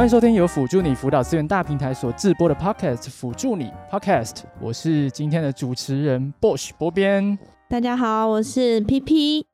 歡迎收聽由輔住你輔導資源大平台所制播的 Podcast 輔住你 Podcast，我是今天的主持人 Bosch 波邊，大家好，我是 PP。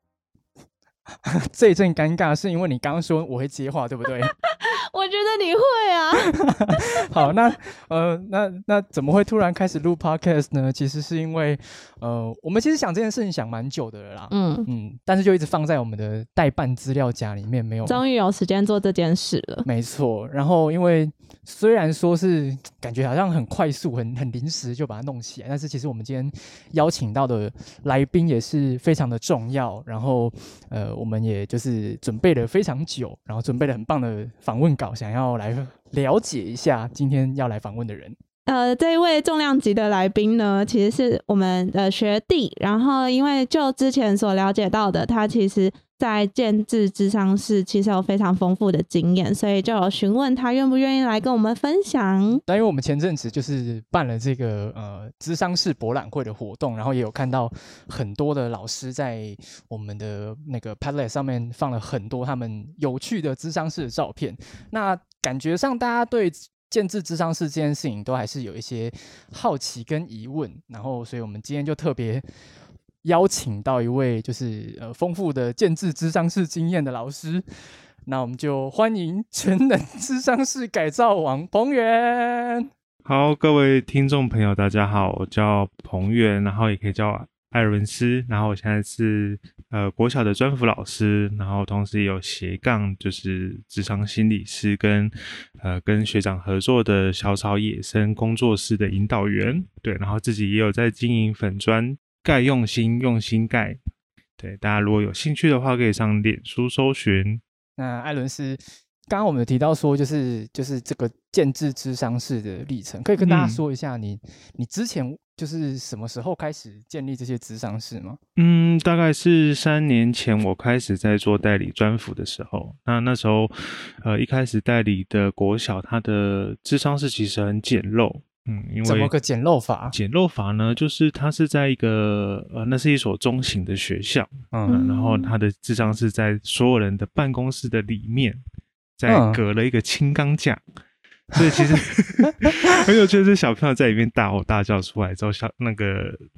這一陣尷尬是因為你剛剛說我會接話，對不對？ 我覺得你會啊。 好，那呃，那那怎麼會突然開始錄 podcast 呢？其實是因為呃，我們其實想這件事情想蠻久的了啦。嗯嗯，但是就一直放在我們的待辦資料夾裡面沒有。終於有時間做這件事了。沒錯。然後因為雖然說是感覺好像很快速、很很臨時就把它弄起來，但是其實我們今天邀請到的來賓也是非常的重要。然後呃。我們也就是準備了非常久，然後準備了很棒的訪問稿，想要來了解一下今天要來訪問的人。呃，這一位重量級的來賓呢，其實是我們的學弟。然後，因為就之前所了解到的，他其實在建制諮商室其實有非常豐富的經驗，所以就有詢問他願不願意來跟我們分享。但因為我們前陣子就是辦了這個呃諮商室博覽會的活動，然後也有看到很多的老師在我們的那個 Padlet 上面放了很多他們有趣的諮商室的照片。那感覺上，大家對，建制諮商室這件事情，都還是有一些好奇跟疑問，然後，所以我們今天就特別邀請到一位就是呃豐富的建制諮商室經驗的老師，那我們就歡迎全能諮商室改造王彭元！好，各位聽眾朋友，大家好，我叫彭元，然後也可以叫我。艾倫斯，然後我現在是呃國小的專輔老師，然後同時也有斜槓，就是職場心理師跟呃跟學長合作的小草野生工作室的引導員，對，然後自己也有在經營粉專蓋用心用心蓋，對，大家如果有興趣的話，可以上臉書搜尋。那艾倫斯。剛剛我們提到說，就是就是這個建置諮商室的歷程，可以跟大家說一下你，你、嗯、你之前就是什麼時候開始建立這些諮商室嗎？嗯，大概是三年前，我開始在做代理專輔的時候。那那時候，呃，一開始代理的國小，他的諮商室其實很簡陋。嗯，因為怎麼個簡陋法？簡陋法呢，就是他是在一個呃，那是一所中型的學校，嗯，嗯然後他的諮商室在所有人的辦公室的裡面。在隔了一個輕鋼架，嗯、所以其實 很有趣的是小朋友在裡面大吼大叫出來之後小，小那個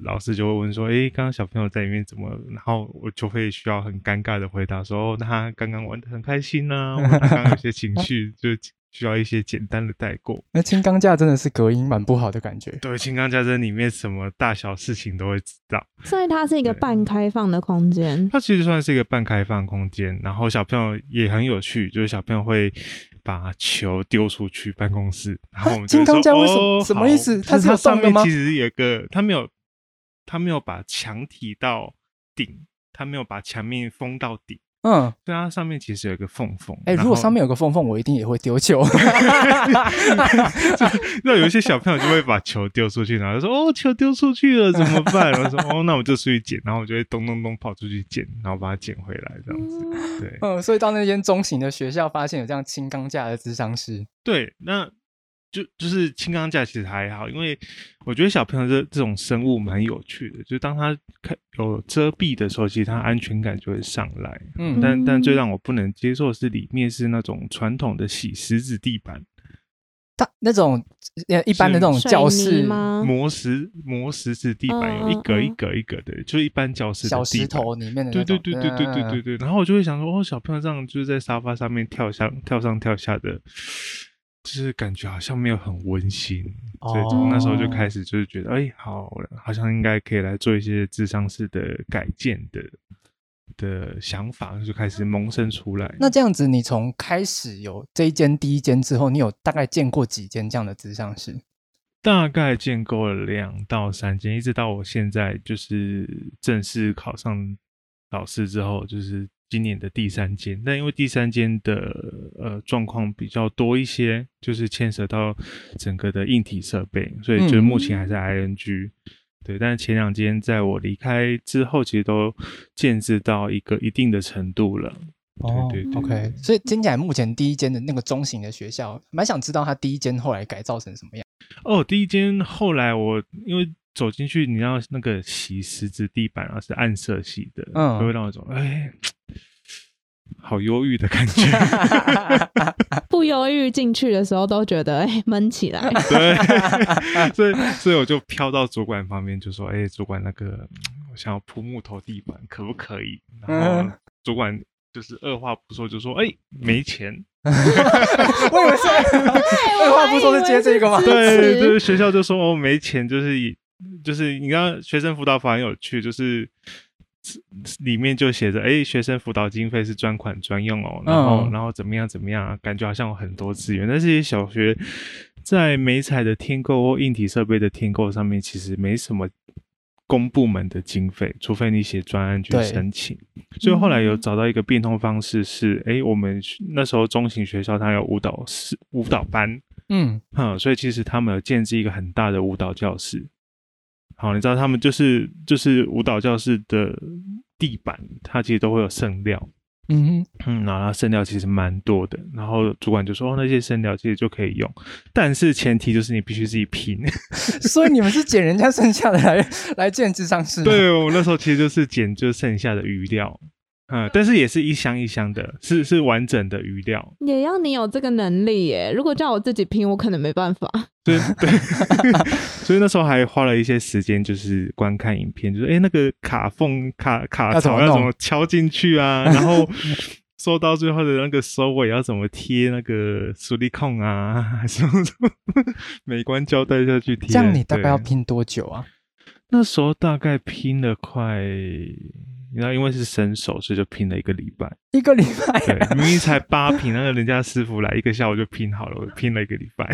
老師就會問說：“誒，剛剛小朋友在裡面怎麼？”然後我就會需要很尷尬的回答說：“哦、他剛剛玩得很開心呢，啊，剛剛有些情緒 就。”需要一些簡單的帶過，那輕鋼架真的是隔音蠻不好的感覺。對，輕鋼架這裡面什麼大小事情都會知道。所以它是一個半開放的空間。它其實算是一個半開放的空間，然後小朋友也很有趣，就是小朋友會把球丟出去辦公室。他輕鋼架為什麼、哦、什麼意思？好它是上面其實有個，它沒有，它沒有把牆體到頂，它沒有把牆面封到底。嗯，對啊，上面其實有一個縫縫。欸、如果上面有個縫縫，後我一定也會丟球。 就是，那有一些小朋友就會把球丟出去，然後就說：“哦，球丟出去了，怎麼辦？”我 說：“哦，那我就出去撿。”然後我就會咚咚咚跑出去撿，然後把它撿回來，這樣子。對，嗯，所以到那間中型的學校，發現有這樣輕鋼架的諮商室。對，那。就就是輕鋼架其實還好，因為我覺得小朋友這這種生物蠻有趣的。就當他看有遮蔽的時候，其實他安全感就會上來。嗯，但但最讓我不能接受的是裡面是那種傳統的洗石子地板，嗯、那種一般的那種教室是嗎？磨石磨石子地板，有一格，一格一格一格的，嗯、就是一般教室的小石頭裡面的。對對，對對對對對對對對。嗯、然後我就會想說，哦，小朋友這樣就是在沙發上面跳上跳上跳下的。就是感覺好像沒有很溫馨，所以從那時候就開始，就是覺得哎、哦欸，好，好像應該可以來做一些諮商室的改建的的想法，就開始萌生出來。那這樣子，你從開始有這一間第一間之後，你有大概見過幾間這樣的諮商室？大概見過了兩到三間，一直到我現在就是正式考上老師之後，就是。今年的第三間，那因為第三間的呃狀況比較多一些，就是牽涉到整個的硬體設備，所以就目前還是 ING、嗯。對，但是前兩間在我離開之後，其實都建設到一個一定的程度了。哦、對對、對，OK。所以聽起來目前第一間的那個中型的學校，蠻想知道它第一間後來改造成什麼樣。哦，第一間後來我因為。走進去，你要那個磨石子地板啊，是暗色系的，就、嗯、會讓我種哎，好憂鬱的感覺。 不憂鬱進去的時候都覺得哎，悶起來。對，所以所以我就飄到主管旁邊，就說：“哎，主管那個，我想要鋪木頭地板，可不可以？”然後主管就是二話不說就說：“哎，沒錢。嗯” 我以為是二話不說是接這個嗎？對，就是學校就說：“哦，沒錢，就是以。”就是你剛剛學生輔導法很有趣，就是裡面就寫着，哎、欸，學生輔導經費是專款專用哦，嗯、然後然後怎麼樣怎麼樣、啊，感覺好像有很多資源。但這些小學在媒材的添購或硬體設備的添購上面，其實沒什麼公部門的經費，除非你寫專案去申請。對所以後來有找到一個變通方式是，是哎、嗯欸，我們那時候中型學校它有舞蹈室、舞蹈班，嗯，哈、嗯，所以其實他們有建置一個很大的舞蹈教室。好，你知道他們就是就是舞蹈教室的地板，它其實都會有剩料，嗯哼，嗯然後剩料其實蠻多的，然後主管就說，哦，那些剩料其實就可以用，但是前提就是你必須自己拼， 所以你們是撿人家剩下的來來建諮商室？對，我那時候其實就是撿就剩下的餘料。嗯，但是也是一箱一箱的，是是完整的餘料，也要你有這個能力耶。如果叫我自己拼，我可能沒辦法。對對， 所以那時候還花了一些時間，就是觀看影片，就是哎、欸、那個卡縫卡卡槽要怎，要怎麼敲進去啊，然後說到 最後的那個收尾要怎麼貼那個矽利康啊，還是什麼什麼美觀膠帶下去貼。這樣你大概要拼多久啊？那時候大概拼了快。然後因為是新手，所以就拼了一個禮拜，一個禮拜，對，明明才八坪，然後人家師傅來 一個下午就拼好了，我拼了一個禮拜。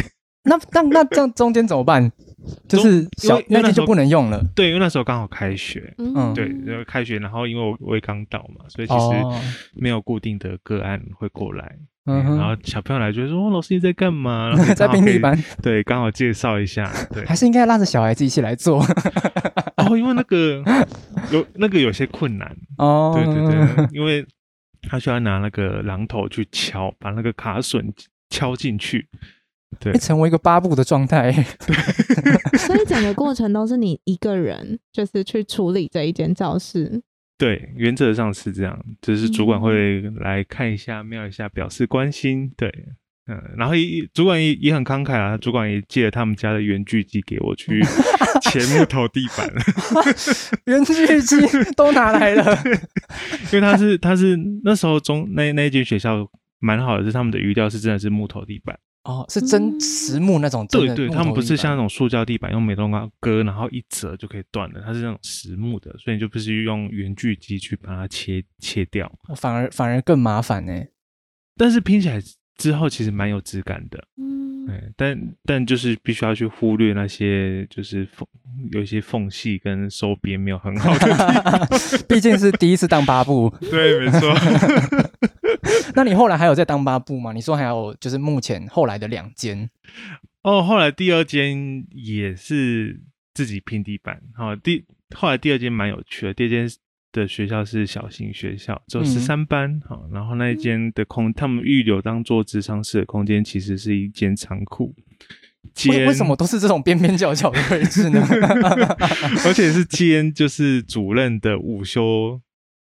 那那那這樣中間怎麼辦？ 就是小因為那天就不能用了。對，因為那時候剛好開學，嗯，對，因為開學，然後因為我我也剛到嘛，所以其實沒有固定的個案會過來。嗯、哦，然後小朋友來就說：“哦，老師你在幹嘛？” 在拼禮拜。對，剛好介紹一下，對，還是應該拉着小孩子一起來做。 哦，因為那個有那個有些困難哦， 對對對，因為他需要拿那個榔頭去敲，把那個卡榫敲進去，對，成為一個巴布的狀態，對， 所以整個過程都是你一個人，就是去處理這一間教室，對，原則上是這樣，只、就是主管會來看一下、瞄一下，表示關心。對。嗯，然後一主管也也很慷慨啊，主管也借了他們家的圓鋸機給我去切 木頭地板，圓 鋸 機都拿來了 因為他是他是那時候中那那一間學校蠻好的，是他們的餘料是真的是木頭地板哦，是真實、嗯、木那種木。對對，他們不是像那種塑膠地板用美工刀割，然後一折就可以斷的，它是那種實木的，所以你就必須用圓鋸機去把它切切掉，反而反而更麻煩呢、欸。但是拼起來。之後其實蠻有質感的，嗯，但但就是必須要去忽略那些就是縫有一些縫隙跟收邊沒有很好的，畢 竟是第一次當巴布，對，沒錯。 那你後來還有在當巴布嗎？你說還有就是目前後來的兩間，哦，後來第二間也是自己拼地板，好、哦，第後來第二間蠻有趣的，第二間。的學校是小型學校，只有十三班哈。嗯、然後那一間的空，他們預留當做諮商室的空間，其實是一間倉庫間。為什麼都是這種邊邊角角的位置呢？而且是兼，就是主任的午休。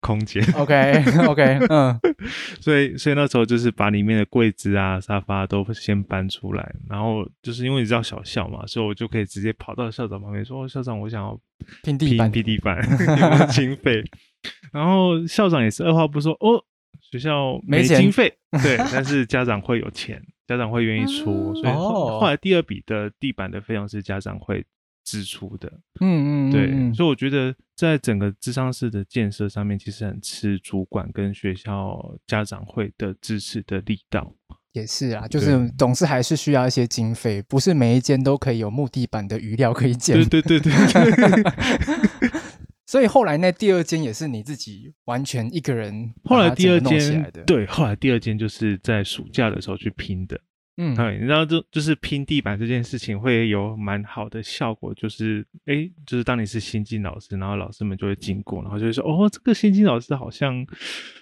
空間，OK，OK，、okay, okay, 嗯， 所以，所以那時候就是把裡面的櫃子啊、沙發都先搬出來，然後就是因為你知道小校嘛，所以我就可以直接跑到校長旁邊說、哦：“校長，我想要拼地板，拼地板，經費。” 然後校長也是二話不說，哦，學校沒經費，錢對， 但是家長會有錢，家長會願意出，嗯、所以後，、哦、後來第二筆的地板的費用是家長會。支出的，嗯嗯，嗯，對，所以我覺得在整個諮商室的建設上面，其實很吃主管跟學校家長會的支持的力道。也是啊，就是總是還是需要一些經費，對不是每一間都可以有木地板的餘料可以建。對對對對。 所以後來那第二間也是你自己完全一個人個起，後來第二間的，對，後來第二間就是在暑假的時候去拼的。嗯，對、嗯，然後就就是拼地板這件事情會有蠻好的效果，就是哎、欸，就是當你是新進老師，然後老師們就會經過，然後就會說，哦，這個新進老師好像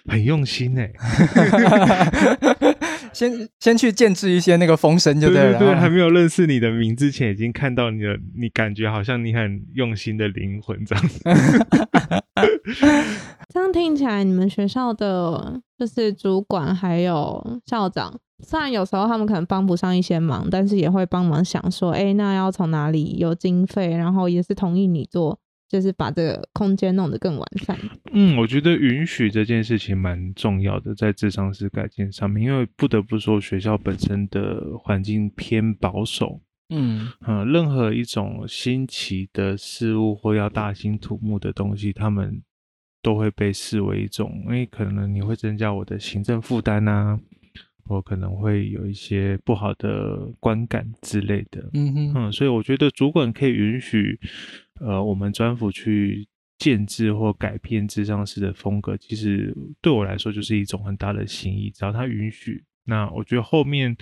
很用心哎、欸。 先先去建置一些那個風聲，就對了對，對，對，還沒有認識你的名之前，已經看到你了。你感覺好像你很用心的靈魂這樣子。 這樣聽起來，你們學校的就是主管還有校長。雖然有時候他們可能幫不上一些忙，但是也會幫忙想說，哎，欸，那要從哪裡有經費？然後也是同意你做，就是把這個空間弄得更完善。嗯，我覺得允許這件事情蠻重要的，在諮商室改建上面，因為不得不說，學校本身的環境偏保守。嗯，呃，任何一種新奇的事物或要大興土木的東西，他們都會被視為一種，因為，欸，可能你會增加我的行政負擔啊。.我可能會有一些不好的觀感之類的，嗯，哼嗯，所以我覺得主管可以允許，呃，我們專輔去建制或改變諮商室的風格，其實對我來說就是一種很大的心意。只要他允許，那我覺得後面。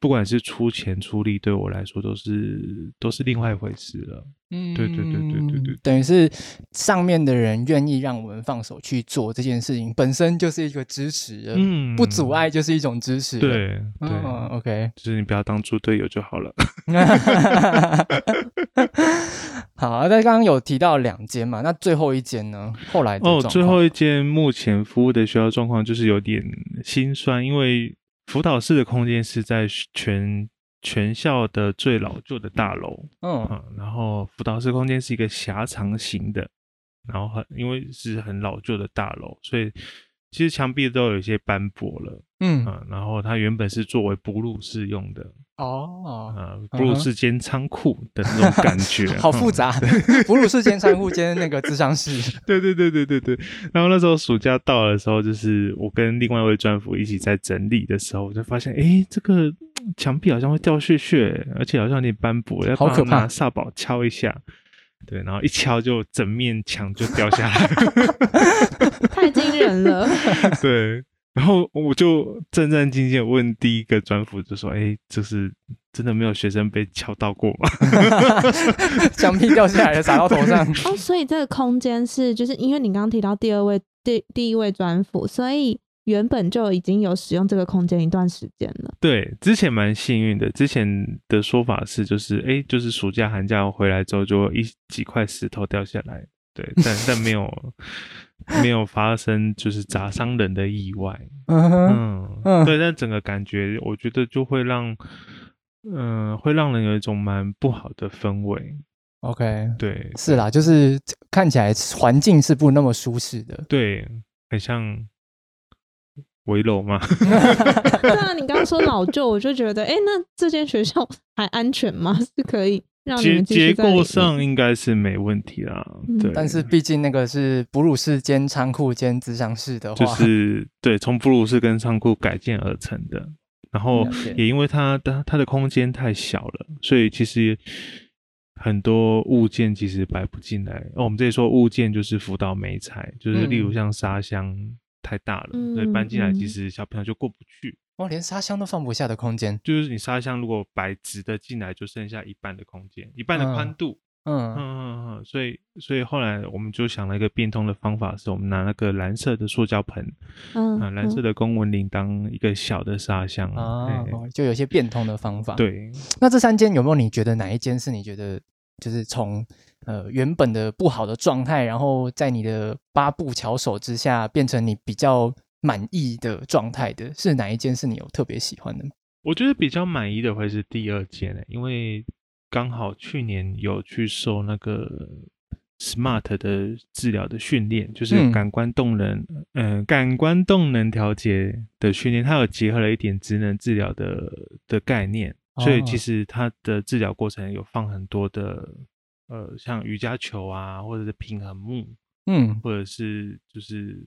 不管是出錢出力，對我來說都是都是另外一回事了。嗯，對，對對對對對對，等於是上面的人願意讓我們放手去做這件事情，本身就是一個支持。嗯，不阻礙就是一種支持。對，嗯，對嗯，OK，就是你不要當豬隊友就好了。 好，那剛剛有提到兩間嘛，那最後一間呢？後來哦，最後一間目前服務的學校狀況就是有點心酸，因為。輔導室的空間是在全全校的最老舊的大樓，哦、嗯，然後輔導室空間是一個狹長型的，然後很，因為是很老舊的大樓，所以。其實牆壁都有一些斑駁了，嗯啊，然後它原本是作為哺乳室用的哦，哦啊，哺乳室兼倉庫的那種感覺，嗯、 好複雜的哺乳室兼倉庫兼那個諮商室， 對對對對對對，對。然後那時候暑假到的時候，就是我跟另外一位專輔一起在整理的時候，我就發現，哎、欸，這個牆壁好像會掉屑屑、欸，而且好像有點斑駁，要拿煞寶敲一下。對，然後一敲就整面牆就掉下來， 太驚人了。 對，然後我就戰戰兢兢問第一個專輔，就說：“哎，就是真的沒有學生被敲到過嗎？ 牆皮掉下來砸到頭上。”對哦，所以這個空間是，就是因為你剛剛提到第二位、第第一位專輔，所以。原本就已經有使用這個空間一段時間了。對，之前蠻幸運的。之前的說法是，就是哎，就是暑假寒假回來之後，就一幾塊石頭掉下來。對，但但沒有 沒有發生就是砸傷人的意外。嗯哼嗯，嗯對。但整個感覺，我覺得就會讓嗯、呃，會讓人有一種蠻不好的氛圍。OK，對，是啦，就是看起來環境是不那麼舒適的。對，很像。危樓嗎？那 啊，你剛剛說老舊，我就覺得，哎、欸，那這間學校還安全嗎？是可以讓你們結結構上應該是沒問題啦。嗯、對，但是畢竟那個是哺乳室兼倉庫兼儲藏室的話，就是對，從哺乳室跟倉庫改建而成的。然後也因為它的它的空間太小了，所以其實很多物件其實擺不進來、哦。我們這裡說物件就是輔導媒材，就是例如像沙箱。嗯太大了，嗯、所以搬進來其實小朋友就過不去。哦，連沙箱都放不下的空間，就是你沙箱如果擺直的進來，就剩下一半的空間，一半的寬度。嗯嗯嗯，所以所以後來我們就想了一個變通的方法，是我們拿那個藍色的塑膠盆，嗯、啊，藍色的公文籃當一個小的沙箱哦、嗯嗯啊，就有些變通的方法。對，那這三間有沒有你覺得哪一間是你覺得？就是從呃原本的不好的狀態，然後在你的八步巧手之下，變成你比較滿意的狀態的，是哪一件事你有特別喜歡的？我覺得比較滿意的會是第二件，因為剛好去年有去受那個 smart 的治療的訓練，就是感官動能，嗯，嗯，感官動能調節的訓練，它有結合了一點職能治療的的概念。所以其實他的治療過程有放很多的，哦、呃，像瑜伽球啊，或者是平衡木，嗯，或者是就是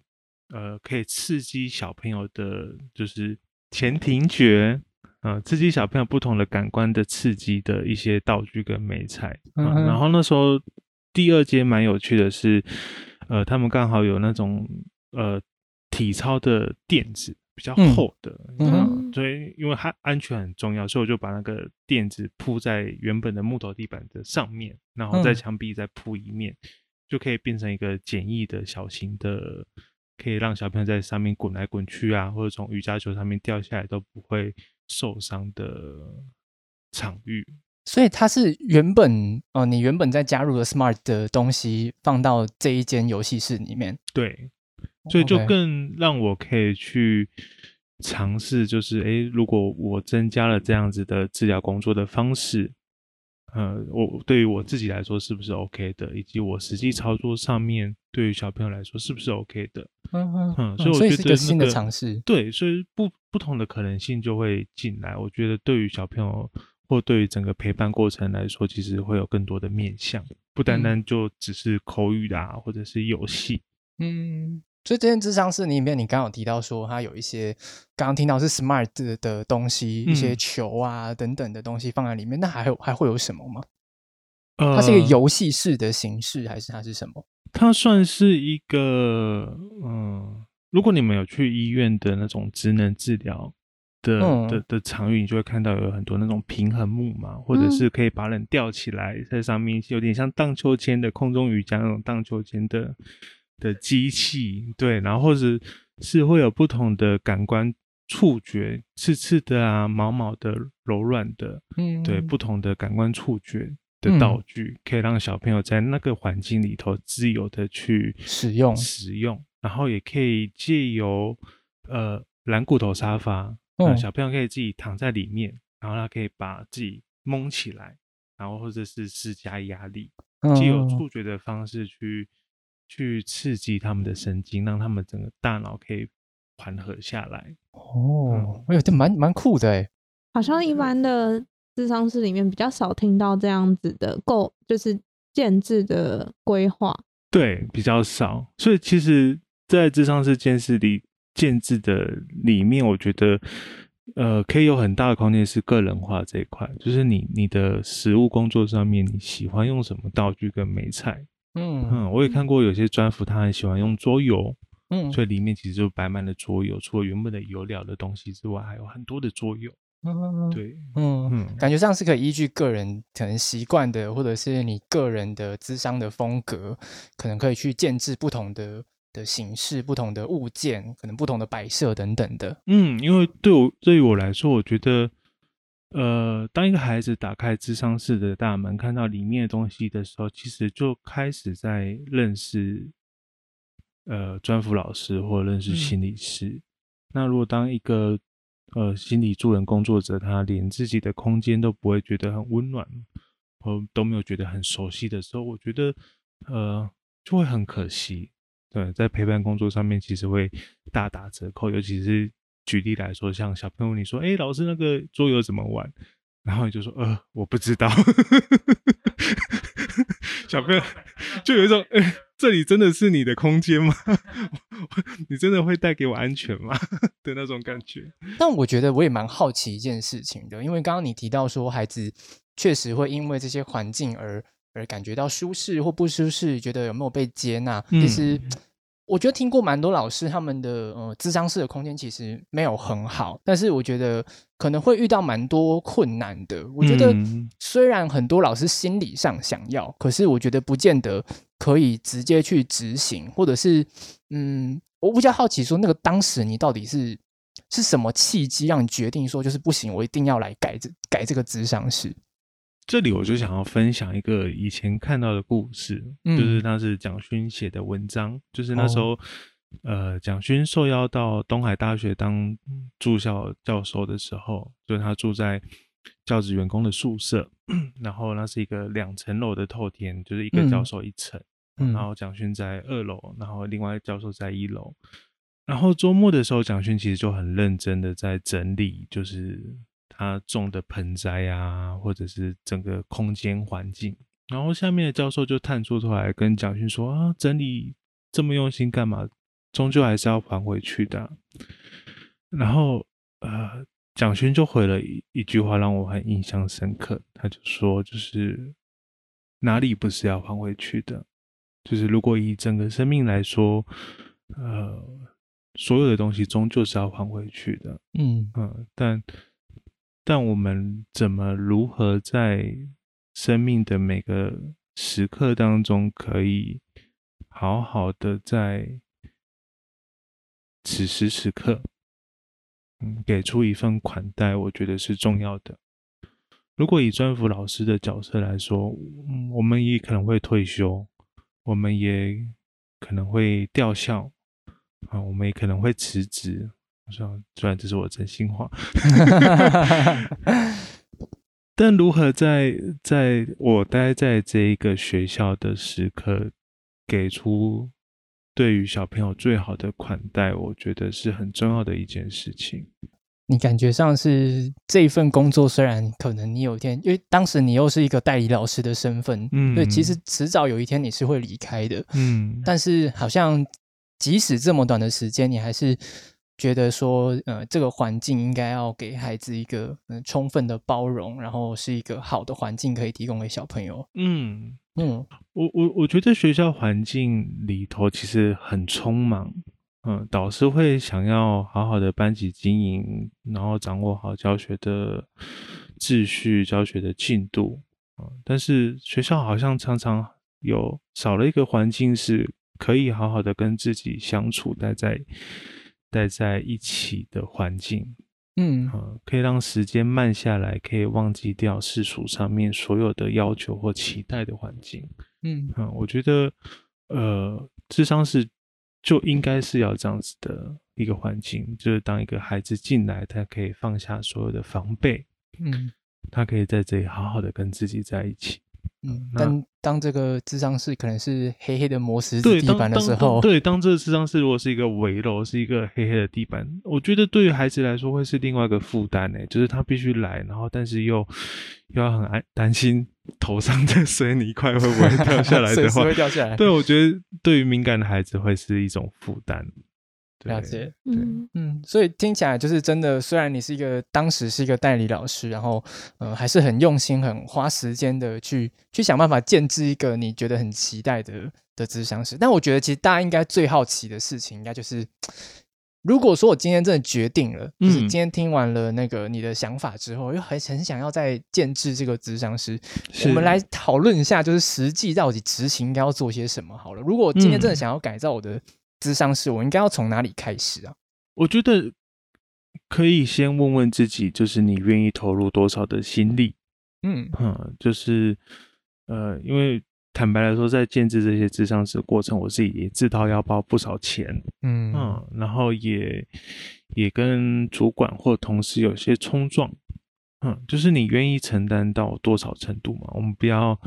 呃，可以刺激小朋友的，就是前庭覺，啊、呃，刺激小朋友不同的感官的刺激的一些道具跟媒材。呃嗯、哼然後那時候第二階蠻有趣的是，呃，他們剛好有那種呃體操的墊子。比較厚的，嗯、所以因為它安全很重要，嗯、所以我就把那個墊子鋪在原本的木頭地板的上面，然後在牆壁再鋪一面，嗯、就可以變成一個簡易的小型的，可以讓小朋友在上面滾來滾去啊，或者從瑜伽球上面掉下來都不會受傷的場域。所以它是原本哦、呃，你原本在加入了 smart 的東西放到這一間遊戲室裡面，對。所以就更讓我可以去嘗試，就是誒、欸，如果我增加了這樣子的治療工作的方式，嗯、呃，我對於我自己來說是不是 OK 的，以及我實際操作上面對於小朋友來說是不是 OK 的？嗯嗯，所以我覺得、那個、是一個新的嘗試，對，所以不不同的可能性就會進來。我覺得對於小朋友或對於整個陪伴過程來說，其實會有更多的面向，不單單就只是口語啊，嗯、或者是遊戲，嗯。所以這間諮商室裡面，你剛剛有提到說它有一些，剛剛聽到是 smart 的東西，嗯、一些球啊等等的東西放在裡面。那還有還會有什麼嗎？呃、它是一個遊戲式的形式，還是它是什麼？它算是一個嗯、呃，如果你們有去醫院的那種職能治療的、嗯、的的場域，你就會看到有很多那種平衡木嘛，或者是可以把人吊起來在上面，嗯、有點像盪秋千的空中瑜伽那種盪秋千的。的機器對，然後或是會有不同的感官觸覺，刺刺的啊，毛毛的，柔軟的，嗯，對，不同的感官觸覺的道具、嗯、可以讓小朋友在那個環境裡頭自由的去使用使用，然後也可以借由呃懶骨頭沙發，嗯，小朋友可以自己躺在裡面，然後他可以把自己蒙起來，然後或者是施加壓力，借、嗯、由觸覺的方式去。去刺激他們的神經，讓他們整個大腦可以緩和下來。哦，嗯、哎呦，這蠻蠻酷的誒。好像一般的智商室裡面比較少聽到這樣子的構，就是建制的規劃。對，比較少。所以其實，在諮商室建制裡建制的裡面，我覺得呃，可以有很大的空間是個人化這一塊。就是你你的實務工作上面，你喜歡用什麼道具跟媒材。嗯哼、嗯，我也看過有些專輔，他很喜歡用桌遊，嗯，所以裡面其實就擺滿了桌遊，除了原本的有料的東西之外，還有很多的桌遊。嗯，對，嗯嗯，嗯，感覺上是可以依據個人可能習慣的，或者是你個人的諮商的風格，可能可以去建置不同的的形式、不同的物件、可能不同的擺設等等的。嗯，因為對我對於我來說，我覺得。呃，當一個孩子打開諮商室的大門，看到裡面的東西的時候，其實就開始在認識呃專輔老師或認識心理師。嗯、那如果當一個呃心理助人工作者，他連自己的空間都不會覺得很溫暖，和都沒有覺得很熟悉的時候，我覺得呃就會很可惜，對，在陪伴工作上面其實會大打折扣，尤其是。舉例來說，像小朋友你說、欸：“老師那個桌遊怎麼玩？”然後你就說：“呃，我不知道。 ”小朋友就有一種“哎、欸，這裡真的是你的空間嗎？ 你真的會帶給我安全嗎？” 的那種感覺。但我覺得我也蠻好奇一件事情的，因為剛剛你提到說，孩子確實會因為這些環境而而感覺到舒適或不舒適，覺得有沒有被接納。其實、嗯。我覺得聽過蠻多老師，他們的呃諮商室的空間其實沒有很好，但是我覺得可能會遇到蠻多困難的。我覺得雖然很多老師心理上想要，可是我覺得不見得可以直接去執行，或者是嗯，我比較好奇說，那個當時你到底是是什麼契機讓你決定說，就是不行，我一定要來改這改這個諮商室。這裡我就想要分享一個以前看到的故事，嗯、就是那是蔣勳寫的文章，就是那時候，哦、呃，蔣勳受邀到東海大學當駐校教授的時候，就是他住在教職員工的宿舍，然後那是一個兩層樓的透天，就是一個教授一層，嗯、然後蔣勳在二樓，然後另外一個教授在一樓，然後週末的時候，蔣勳其實就很認真的在整理，就是。他、啊、種的盆栽呀、啊，或者是整個空間環境，然後下面的教授就探出頭來跟蔣勳說：“啊，整理這麼用心幹嘛？終究還是要還回去的、啊。”然後呃，蔣勳就回了一一句話讓我很印象深刻，他就說：“就是哪裡不是要還回去的？就是如果以整個生命來說，呃，所有的東西終究是要還回去的。”嗯嗯，呃、但。但我們怎麼如何在生命的每個時刻當中，可以好好的在此時此刻，給出一份款待，我覺得是重要的。如果以專輔老師的角色來說，我們也可能會退休，我們也可能會調校，啊，我們也可能會辭職。我想，雖然這是我真心話， 但如何在在我待在這一個學校的時刻，給出對於小朋友最好的款待，我覺得是很重要的一件事情。你感覺上是這份工作，雖然可能你有一天，因為當時你又是一個代理老師的身份，嗯，對，其實遲早有一天你是會離開的，嗯，但是好像即使這麼短的時間，你還是。覺得說，呃，這個環境應該要給孩子一個，呃，充分的包容，然後是一個好的環境可以提供給小朋友。嗯嗯，嗯我我我覺得學校環境裡頭其實很匆忙，嗯，導師會想要好好的班級經營，然後掌握好教學的秩序、教學的進度，嗯，但是學校好像常常有少了一個環境，是可以好好的跟自己相處待在。在待一起的環境，嗯啊、呃，可以讓時間慢下來，可以忘記掉世俗上面所有的要求或期待的環境，嗯啊、呃，我覺得，呃，諮商是就應該是要這樣子的一個環境，就是當一個孩子進來，他可以放下所有的防備，嗯，他可以在這裡好好的跟自己在一起。嗯，當當這個諮商室可能是黑黑的磨石子地板的時候，對，對，當這個諮商室如果是一個圍樓，是一個黑黑的地板，我覺得對於孩子來說會是另外一個負擔呢，就是他必須來，然後但是又又要很安，擔心頭上的水泥塊會不會掉下來，的話 水水會掉下來，對，對我覺得對於敏感的孩子會是一種負擔。了解，嗯嗯，所以聽起來就是真的。雖然你是一個當時是一個代理老師，然後呃還是很用心、很花時間的去去想辦法建置一個你覺得很期待的的諮商室。但我覺得其實大家應該最好奇的事情，應該就是如果說我今天真的決定了，嗯、就是今天聽完了那個你的想法之後，又很很想要再建置這個諮商室，是我們來討論一下，就是實際到底執行應該要做些什麼好了。如果我今天真的想要改造我的。嗯諮商室，我應該要從哪裡開始啊？我覺得可以先問問自己，就是你願意投入多少的心力嗯？嗯，就是呃，因為坦白來說，在建制這些諮商室的過程，我自己也自掏腰包不少錢，嗯嗯，然後也也跟主管或同事有些衝撞。嗯、就是你願意承擔到多少程度嘛？我們不要，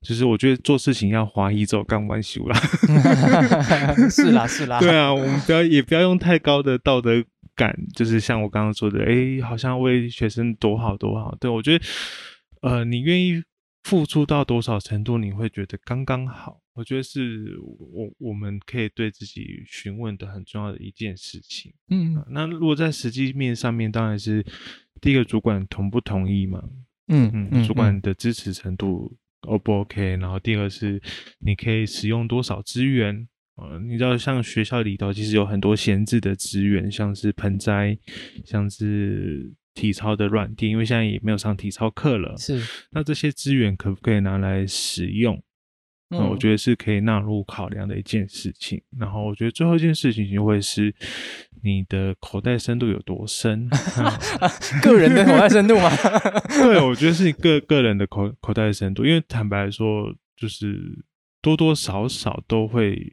就是我覺得做事情要劃一，走剛完休啦。是啦，是啦。對啊，我們不要，也不要用太高的道德感，就是像我剛剛說的，哎、欸，好像為學生多好多好。對我覺得，呃，你願意付出到多少程度，你會覺得剛剛好。我覺得是我我們可以對自己詢問的很重要的一件事情。嗯、呃，那如果在實際面上面，當然是，第一個主管同不同意嘛？嗯嗯主管的支持程度 O 不、嗯、OK？然後第二個是你可以使用多少資源？啊、呃，你知道像學校裡頭其實有很多閒置的資源，像是盆栽，像是體操的軟墊，因為現在也沒有上體操課了。是，那這些資源可不可以拿來使用？嗯、我覺得是可以納入考量的一件事情。嗯、然後我覺得最後一件事情就會是你的口袋深度有多深，個人的口袋深度嗎？ 對，我覺得是你個個人的口口袋深度。因為坦白說，就是多多少少都會，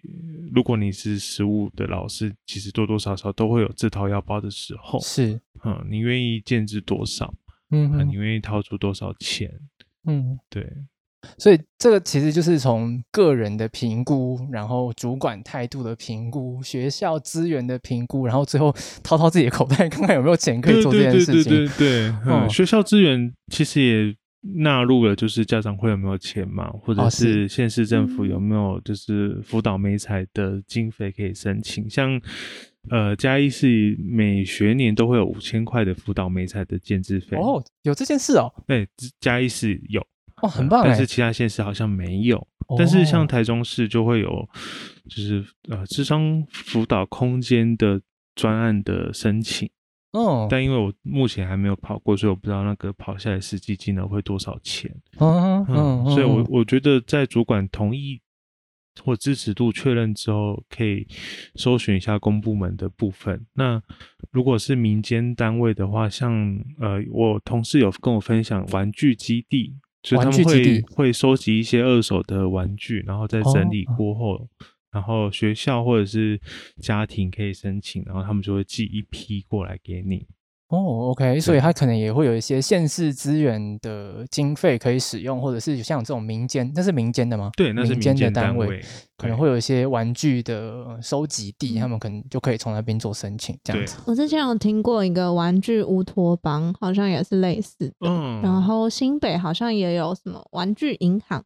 如果你是實務的老師，其實多多少少都會有自掏腰包的時候。是，嗯，你願意兼職多少？嗯哼、啊，你願意掏出多少錢？嗯，對。所以這個其實就是從個人的評估，然後主管態度的評估，學校資源的評估，然後最後掏掏自己的口袋看看有沒有錢可以做這件事情。對對對對對對，對，嗯嗯。學校資源其實也納入了，就是家長會有沒有錢嘛，或者是縣市政府有沒有就是輔導媒材的經費可以申請。哦是嗯、像呃嘉義市每學年都會有五千塊的輔導媒材的建置費。哦，有這件事哦。對，嘉義市有。呃、哦，很棒。但是其他縣市好像沒有，哦，但是像台中市就會有，就是呃，諮商輔導空間的專案的申請。哦。但因為我目前還沒有跑過，所以我不知道那個跑下來實際金額會多少錢？嗯、哦、嗯。嗯，所以我，我我覺得在主管同意或支持度確認之後，可以搜尋一下公部門的部分。那如果是民間單位的話，像呃，我同事有跟我分享玩具基地。所以他們會會收集一些二手的玩具，然後再整理過後，哦、然後學校或者是家庭可以申請，然後他們就會寄一批過來給你。哦、oh，OK，對所以他可能也會有一些縣市資源的經費可以使用，或者是像這種民間，那是民間的嗎？對，那是民間的單位，單位對可能會有一些玩具的收集地，對他們可能就可以從那邊做申請這樣子。對我之前有聽過一個玩具烏托邦，好像也是類似。的。嗯、然後新北好像也有什麼玩具銀行，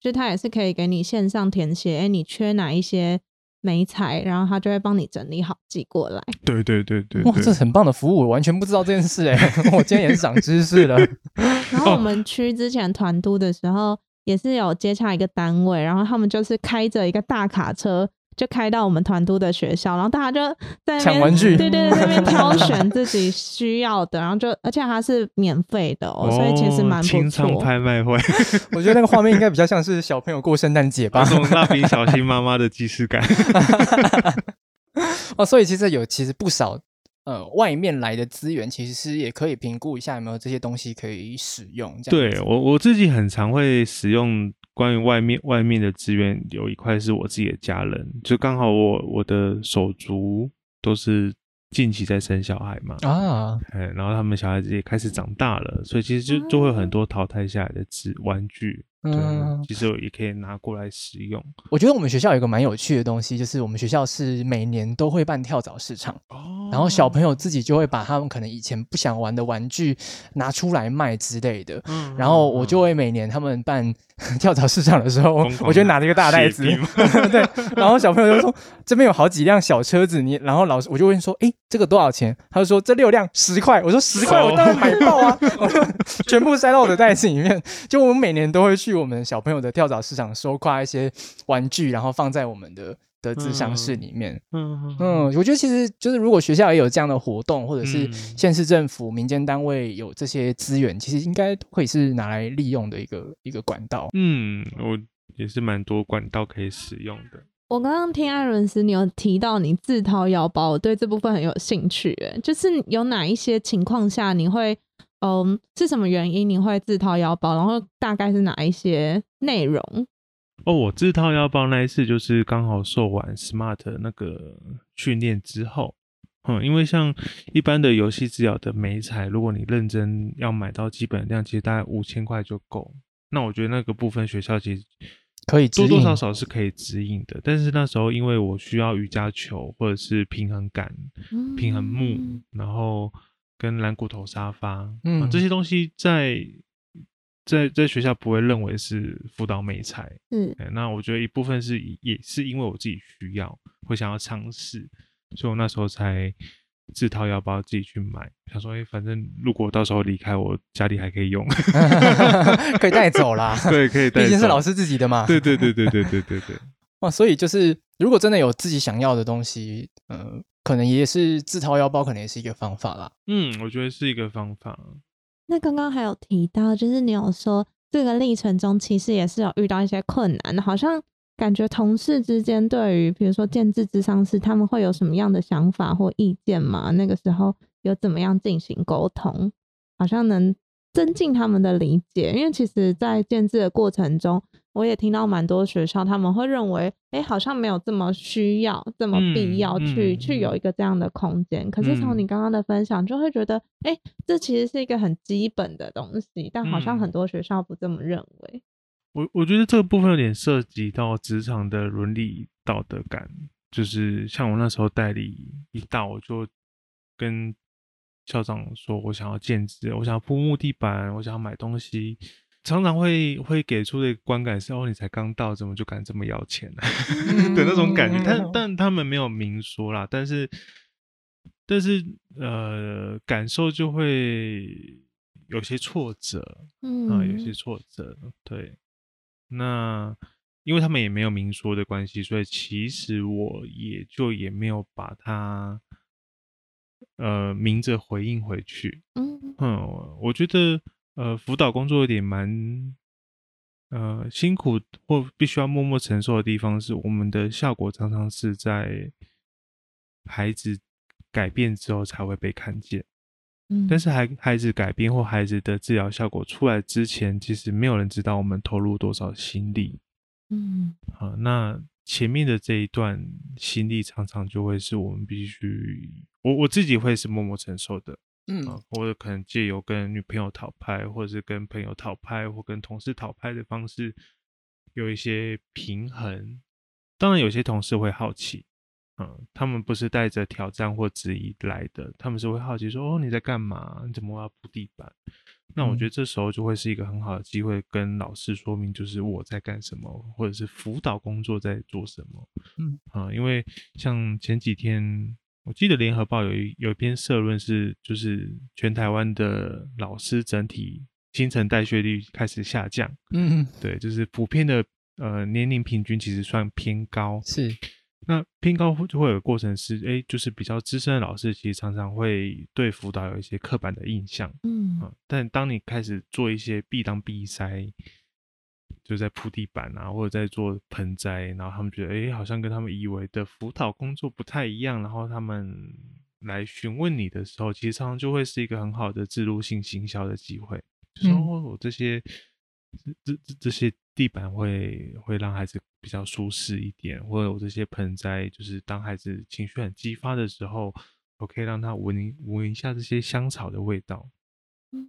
就它也是可以給你線上填寫，哎、欸，你缺哪一些？沒採，然後他就會幫你整理好寄過來。對對對對，對，哇，這是很棒的服務，我完全不知道這件事哎、欸， 我今天也是長知識了。 嗯、然後我們去之前團都的時候，哦、也是有接洽一個單位，然後他們就是開着一個大卡車。就開到我們團都的學校，然後大家就在搶玩具。對對對，在那邊挑選自己需要的，然後就而且它是免費的、哦，哦、所以其實蠻不錯的。清倉拍賣會，我覺得那個畫面應該比較像是小朋友過聖誕節吧。那種蠟筆小新媽媽的既視感。 哦，所以其實有其實不少呃外面來的資源，其實是也可以評估一下有沒有這些東西可以使用這樣。對，我我自己很常會使用。關於外面外面的資源，有一塊是我自己的家人，就剛好我我的手足都是近期在生小孩嘛啊、嗯，然後他們小孩子也開始長大了，所以其實就就會有很多淘汰下來的紙玩具。嗯，其實我也可以拿過來使用。嗯、我覺得我們學校有一個蠻有趣的東西，就是我們學校是每年都會辦跳蚤市場，哦、然後小朋友自己就會把他們可能以前不想玩的玩具拿出來賣之類的。嗯，然後我就會每年他們辦跳蚤市場的時候，嗯嗯、我就拿着一個大袋子， 對，然後小朋友就說 這邊有好幾輛小車子，你然後老師我就問說，哎，這個多少錢？他就說這六輛十塊。我說十塊我當然買爆啊，哦、 全部塞到我的袋子裡面。就我們每年都會去。我們小朋友的跳蚤市場收刮一些玩具，然後放在我們的的諮商室裡面。嗯嗯，我覺得其實就是如果學校也有這樣的活動，或者是縣市政府、民間單位有這些資源，其實應該會是拿來利用的一個一個管道。嗯，我也是蠻多管道可以使用的。我剛剛聽 Errance，你有提到你自掏腰包，我對這部分很有興趣。哎，就是有哪一些情況下你會？嗯，um, 是什麼原因你會自掏腰包？然後大概是哪一些內容？哦，我自掏腰包那一次就是剛好受完 SMART 那個訓練之後，嗯，因為像一般的遊戲治療的媒材，如果你認真要買到基本的量，其實大概五千塊就夠。那我覺得那個部分學校其實可以多多少少是可以指引的，引但是那時候因為我需要瑜伽球或者是平衡感、平衡木，嗯、然後。跟懶骨頭沙發，嗯、啊，這些東西在在在學校不會認為是輔導媒材，嗯、欸，那我覺得一部分是也是因為我自己需要，會想要嘗試，所以我那時候才自掏腰包自己去買，想說，哎、欸，反正如果到時候離開我家裡還可以用， 可以帶走啦， 對，可以帶走，畢竟是老師自己的嘛， 對，對，對對對對對對對對，哇、啊，所以就是如果真的有自己想要的東西，嗯、呃。可能也是自掏腰包，可能也是一個方法啦。嗯，我覺得是一個方法。那剛剛還有提到，就是你有說這個歷程中其實也是有遇到一些困難，好像感覺同事之間對於比如說建制之上是他們會有什麼樣的想法或意見嗎？那個時候有怎麼樣進行溝通，好像能增進他們的理解，因為其實，在建制的過程中。我也聽到蠻多學校，他們會認為，哎、欸，好像沒有這麼需要，這麼必要去、嗯嗯、去有一個這樣的空間。嗯、可是從你剛剛的分享，就會覺得，哎、嗯欸，這其實是一個很基本的東西，但好像很多學校不這麼認為。我我覺得這個部分有點涉及到職場的倫理道德感，就是像我那時候代理一到，我就跟校長說，我想要建置，我想要鋪木地板，我想要買東西。常常會會給出的觀感是哦，你才剛到，怎麼就敢這麼要錢呢？啊？的 對、嗯、那種感覺，嗯，但但他們沒有明說啦，但是但是呃，感受就會有些挫折，嗯，嗯有些挫折。對，那因為他們也沒有明說的關係，所以其實我也就也沒有把它呃明着回應回去。嗯嗯，我覺得。呃，輔導工作有點蠻，呃，辛苦或必須要默默承受的地方是，我們的效果常常是在孩子改變之後才會被看見。嗯，但是孩孩子改變或孩子的治療效果出來之前，其實沒有人知道我們投入多少心力。嗯，好，那前面的這一段心力常常就會是我們必須，我我自己會是默默承受的。嗯，或者可能借由跟女朋友討拍，或者是跟朋友討拍，或跟同事討拍的方式，有一些平衡。當然，有些同事會好奇，嗯，他們不是帶着挑戰或質疑來的，他們是會好奇說：“哦，你在幹嘛？你怎麼要鋪地板？”那我覺得這時候就會是一個很好的機會，跟老師說明就是我在幹什麼，或者是輔導工作在做什麼。嗯，啊，嗯，因為像前幾天。我記得聯合報有一有一篇社論是，就是全台灣的老師整體新陳代謝率開始下降。嗯，對，就是普遍的呃年齡平均其實算偏高，是。那偏高就會有過程是，哎、欸，就是比較資深的老師其實常常會對輔導有一些刻板的印象。嗯，嗯，但當你開始做一些必當必塞。就在鋪地板啊，或者在做盆栽，然後他們覺得，哎，好像跟他們以為的輔導工作不太一樣。然後他們來詢問你的時候，其實常、常就會是一個很好的置入性行銷的機會。就、嗯、說我、哦、這些這這這些地板會會讓孩子比較舒適一點，或者我這些盆栽，就是當孩子情緒很激發的時候，我可以讓他聞聞一下這些香草的味道。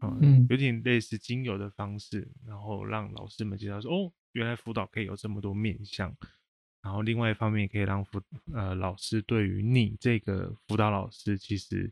嗯，嗯，有點類似精油的方式，然後讓老師們介紹說，哦，原來輔導可以有這麼多面向，然後另外一方面也可以讓輔呃老師對於你這個輔導老師其實。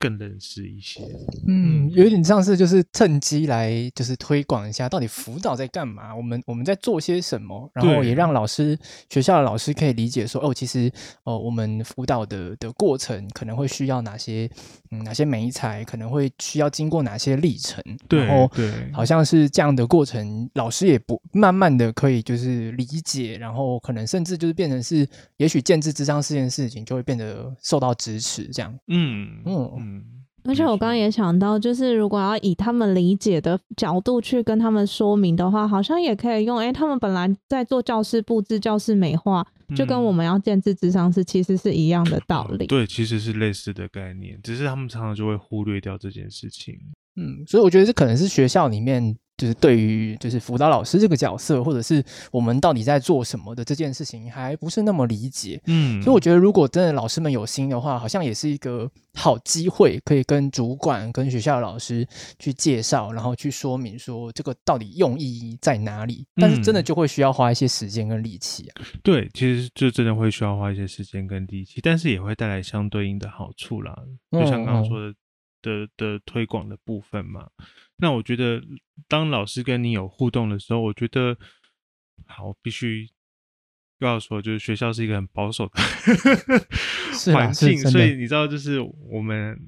更認識一些，嗯，有點像是就是趁機來就是推廣一下，到底輔導在幹嘛？我們我們在做些什麼？然後也讓老師學校的老師可以理解說，哦、呃，其實哦、呃，我們輔導的的過程可能會需要哪些嗯，哪些媒材，可能會需要經過哪些歷程對？對，然後對，好像是這樣的過程，老師也不慢慢的可以就是理解，然後可能甚至就是變成是，也許建置諮商這件事情就會變得受到支持，這樣，嗯嗯。嗯嗯，而且我剛剛也想到，就是如果要以他們理解的角度去跟他們說明的話，好像也可以用，哎、欸，他們本來在做教室布置、教室美化，就跟我們要建置諮商室，嗯、其實是一樣的道理、呃。對，其實是類似的概念，只是他們常常就會忽略掉這件事情。嗯，所以我覺得這可能是學校裡面。就是對於就是輔導老師這個角色，或者是我們到底在做什麼的這件事情，還不是那麼理解。嗯，所以我覺得，如果真的老師們有心的話，好像也是一個好機會，可以跟主管、跟學校的老師去介紹，然後去說明說這個到底用意在哪裡。但是真的就會需要花一些時間跟力氣啊。嗯，對，其實就真的會需要花一些時間跟力氣，但是也會帶來相對應的好處啦。就像剛剛說的。嗯。的的推廣的部分嘛，那我覺得當老師跟你有互動的時候，我覺得好必須要說，就是學校是一個很保守的環啦境，所以你知道，就是我們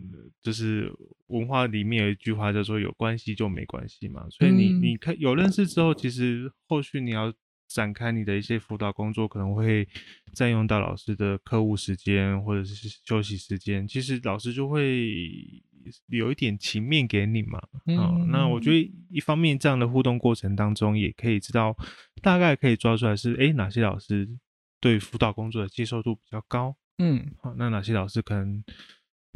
就是文化裡面有一句話，叫做有關係就沒關係嘛。所以你你看有認識之後，其實後續你要展開你的一些輔導工作，可能會佔用到老師的課務時間或者是休息時間，其實老師就會。有一點情面給你嘛、嗯哦？那我覺得一方面這樣的互動過程當中，也可以知道大概可以抓出來是哎哪些老師對輔導工作的接受度比較高？嗯，好、哦，那哪些老師可能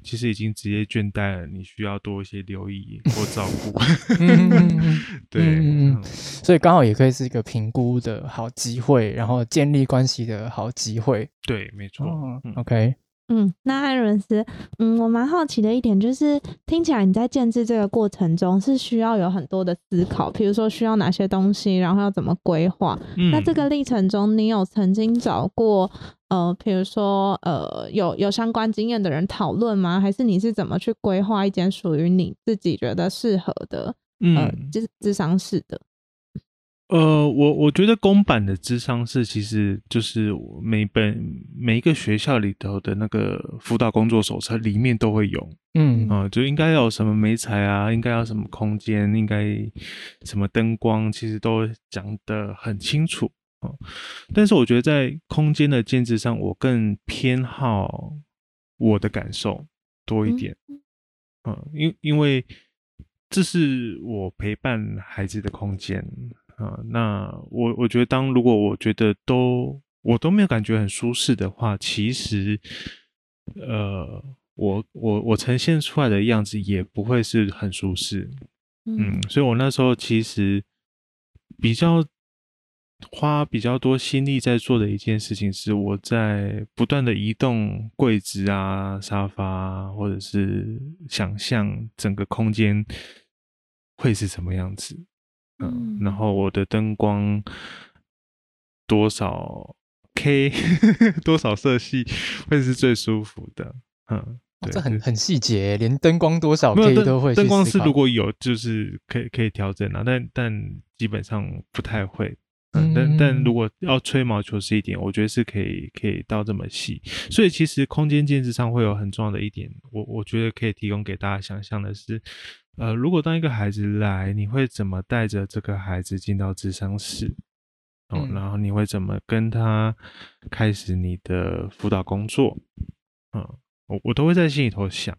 其實已經職業倦怠了？你需要多一些留意或照顧。嗯、 對、嗯，所以剛好也可以是一個評估的好機會，然後建立關係的好機會。對，沒錯。哦嗯、OK。嗯，那 Errance，嗯，我蠻好奇的一點就是，聽起來你在建置這個過程中是需要有很多的思考，比如說需要哪些東西，然後要怎麼規劃。嗯、那這個歷程中，你有曾經找過呃，比如說呃，有有相關經驗的人討論嗎？還是你是怎麼去規劃一間屬於你自己覺得適合的，嗯、呃，就是諮商室的？呃，我我覺得公版的諮商是，其實就是每本每一個學校裡頭的那個輔導工作手冊裡面都會有，嗯啊、呃，就應該要有什麼媒材啊，應該要什麼空間，應該什麼燈光，其實都講得很清楚啊、呃。但是我覺得在空間的建置上，我更偏好我的感受多一點，嗯，呃、因因為這是我陪伴孩子的空間。啊，那我我覺得，當如果我覺得都我都沒有感覺很舒適的話，其實，呃，我我我呈現出來的樣子也不會是很舒適，嗯，嗯，所以我那時候其實比較花比較多心力在做的一件事情是，我在不斷的移動櫃子啊、沙發啊，或者是想象整個空間會是什麼樣子。嗯，然後我的燈光多少 K，多少色系會是最舒服的？嗯，哦，這很很細節，連燈光多少 K 都會去思考。沒有，燈。燈光是如果有就是可以可以調整啊，但但基本上不太會。嗯嗯、但但如果要吹毛求疵一點，我覺得是可以，可以到這麼細。所以其實空間建置上會有很重要的一點，我我覺得可以提供給大家想象的是，呃，如果當一個孩子來，你會怎麼帶着這個孩子進到諮商室？嗯、哦，然後你會怎麼跟他開始你的輔導工作？嗯，我我都會在心裡頭想，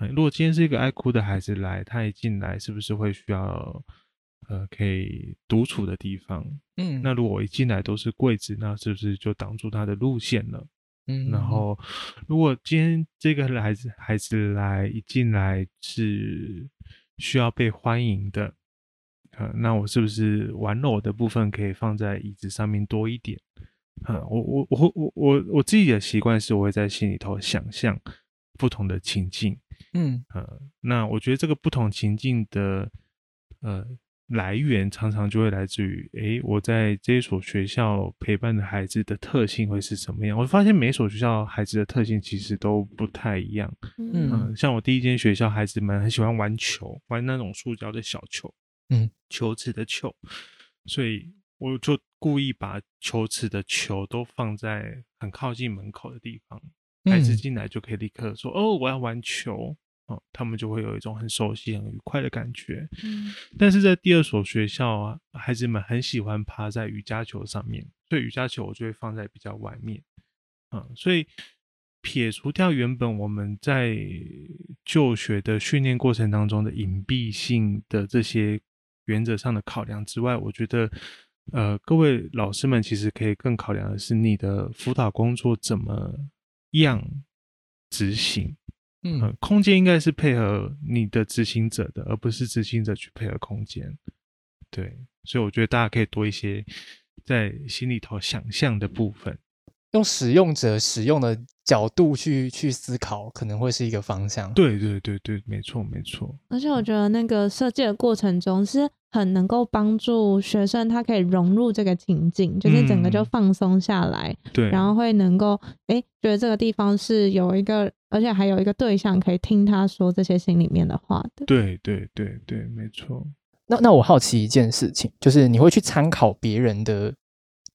嗯、如果今天是一個愛哭的孩子來，他一進來是不是會需要？呃，可以獨處的地方，嗯，那如果我一進來都是櫃子，那是不是就擋住他的路線了？嗯哼，然後如果今天這個孩子孩子來，來一進來是需要被歡迎的，呃，那我是不是玩偶的部分可以放在椅子上面多一點？呃，嗯，我我我我我我自己的習慣是，我會在心裡頭想象不同的情境，嗯，呃，那我覺得這個不同情境的，呃。來源常常就會來自於，哎，我在這一所學校陪伴的孩子的特性會是什麼樣？我發現每一所學校孩子的特性其實都不太一樣。嗯，嗯，像我第一間學校，孩子們很喜歡玩球，玩那種塑膠的小球，嗯，球池的球，所以我就故意把球池的球都放在很靠近門口的地方，孩子進來就可以立刻說，嗯、哦，我要玩球。哦，他們就會有一種很熟悉、很愉快的感覺。嗯，但是在第二所學校啊，孩子們很喜歡趴在瑜伽球上面，所以瑜伽球我就會放在比較外面。嗯，所以撇除掉原本我們在就學的訓練過程當中的隱蔽性的這些原則上的考量之外，我覺得，呃，各位老師們其實可以更考量的是你的輔導工作怎麼樣執行。嗯，呃、空間應該是配合你的執行者的，而不是執行者去配合空間。對，所以我覺得大家可以多一些在心裡頭想象的部分，用使用者使用的角度去去思考，可能會是一個方向。對，對，對，對，沒錯，沒錯。而且我覺得那個設計的過程中是。很能夠幫助學生，他可以融入這個情境，就是整個就放鬆下來，嗯、對，然後會能夠哎、欸，覺得這個地方是有一個，而且還有一個對象可以聽他說這些心裡面的話的。對對對對，沒錯。那那我好奇一件事情，就是你會去參考別人的。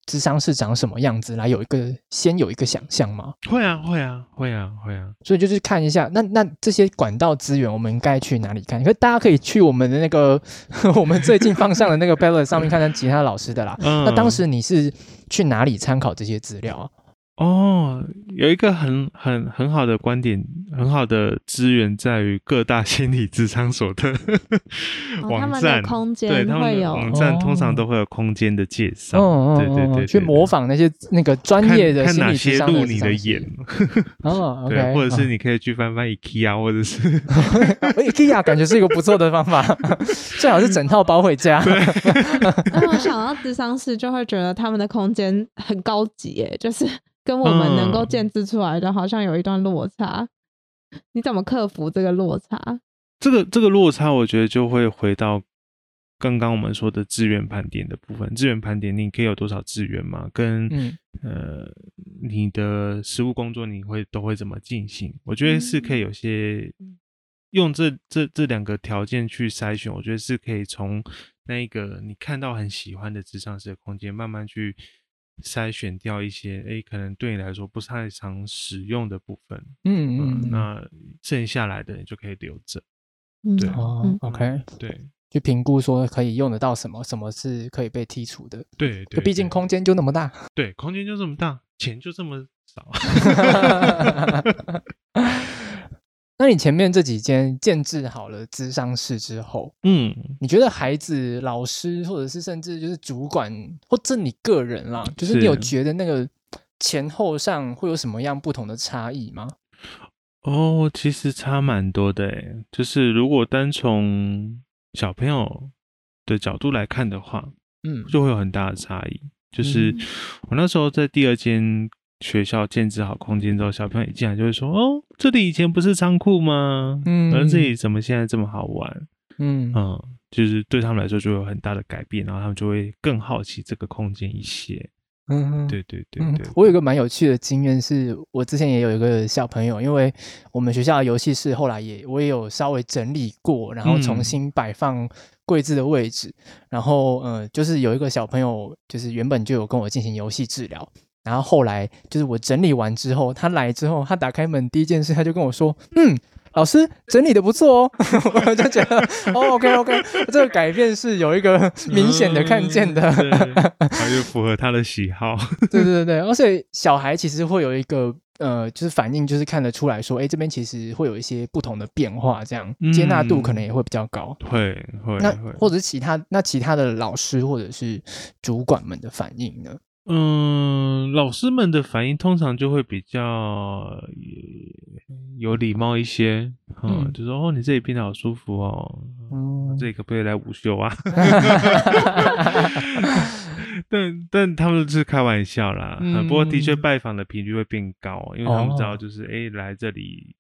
諮商是長什麼樣子，來有一個先有一個想象嗎、啊？會啊會啊會啊會啊！會啊，所以就是看一下，那那這些管道資源，我們應該去哪裡看？可大家可以去我們的那個 我們最近放上的那個 Padlet 上面看看其他老師的啦。 嗯、那當時你是去哪裡參考這些資料啊？哦，有一個很很很好的觀點，很好的資源在於各大心理諮商所的網站空間，對他們網站通常都會有空間的介紹，對對對，去模仿那些那個專業的心理諮商的看哪些你的眼哦，對，或者是你可以去翻翻 IKEA 啊，或者是 IKEA 啊，感覺是一個不錯的方法，最好是整套包回家。我想到諮商室就會覺得他們的空間很高級耶，就是。跟我們能夠建置出來的，好像有一段落差。你怎麼克服這個落差？嗯，這個這個落差，我覺得就會回到剛剛我們說的資源盤點的部分。資源盤點，你可以有多少資源嗎？跟、嗯、呃你的實務工作，你會都會怎麼進行？我覺得是可以有些用這、嗯、這這兩個條件去篩選。我覺得是可以從那個你看到很喜歡的諮商室的空間，慢慢去。篩選掉一些，哎、欸，可能對你來說不太常使用的部分，嗯嗯、呃，那剩下來的你就可以留着，嗯，對，哦，OK，對，去評估說可以用得到什麼，什麼是可以被剔除的，對，對，對，對，就畢竟空間就那麼大，對，空間就這麼大，錢就這麼少。 那你前面這幾間建置好了諮商室之後，嗯，你覺得孩子、老師或者是甚至就是主管或者你個人啦，就是你有覺得那個前後上會有什麼樣不同的差異嗎？哦，oh, 其實差蠻多的誒，就是如果單從小朋友的角度來看的話，嗯，就會有很大的差異。就是、嗯、我那時候在第二間。學校建置好空間之後，小朋友一進來就會說：“哦，這裡以前不是倉庫嗎？嗯，而這裡怎麼現在這麼好玩？嗯啊、嗯，就是對他們來說就會有很大的改變，然後他們就會更好奇這個空間一些。嗯，對對對對、對。我有個蠻有趣的經驗，是我之前也有一個小朋友，因為我們學校的遊戲室後來也我也有稍微整理過，然後重新擺放櫃子的位置，嗯、然後呃、嗯，就是有一個小朋友，就是原本就有跟我進行遊戲治療。”然後後來就是我整理完之後，他來之後，他打開門第一件事，他就跟我說：“嗯，老師整理的不錯哦。 ”我就覺得、哦、“OK OK”，這個改變是有一個明顯的、嗯、看見的，還是對 符合他的喜好。對對對，而、哦、且小孩其實會有一個呃，就是反應，就是看得出來說：“哎，這邊其實會有一些不同的變化。”這樣接納度可能也會比較高。嗯、那對會那會那或者是其他那其他的老師或者是主管們的反應呢？嗯，老師們的反應通常就會比較有禮貌一些，嗯，嗯，就說哦，你這裡變得好舒服哦，嗯，這裡可不可以來午休啊？但但他們是開玩笑啦，嗯、不過的確拜訪的頻率會變高，因為他們知道就是哎、哦欸，來這裡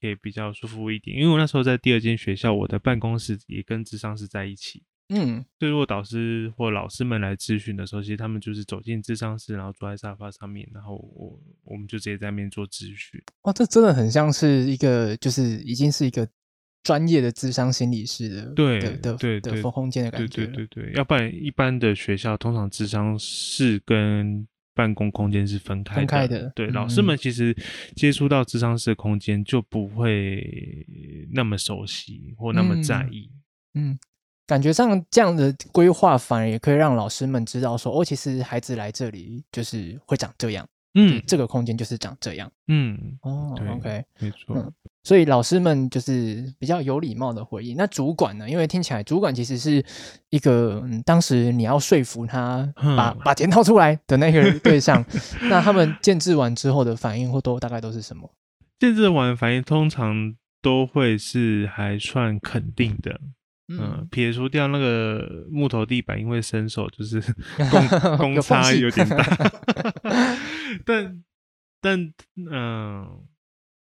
可以比較舒服一點。因為我那時候在第二間學校，我的辦公室也跟諮商是在一起，嗯，對，如果導師或老師們來諮詢的時候，其實他們就是走進諮商室，然後坐在沙發上面，然後我我們就直接在那邊做諮詢。哇、啊，這真的很像是一個就是已經是一個專業的諮商心理師的對的、的、的對的空間的感覺。對，對對對，要不然一般的學校通常諮商室跟辦公空間是分開的。分開的對，嗯、老師們其實接觸到諮商室的空間就不會那麼熟悉或那麼在意。嗯。嗯感覺上，這樣的規劃反而也可以讓老師們知道，說，哦，其實孩子來這裡就是會長這樣，嗯，這個空間就是長這樣，嗯，哦對，OK，沒錯、嗯。所以老師們就是比較有禮貌的回應。那主管呢？因為聽起來主管其實是一個、嗯、當時你要說服他把、嗯、把錢掏出來的那個對象。 那他們建制完之後的反應或都大概都是什麼？建制完反應通常都會是還算肯定的。嗯，撇除掉那個木頭地板，因為伸手就是公公差有點大。 有空氣笑但但嗯、呃，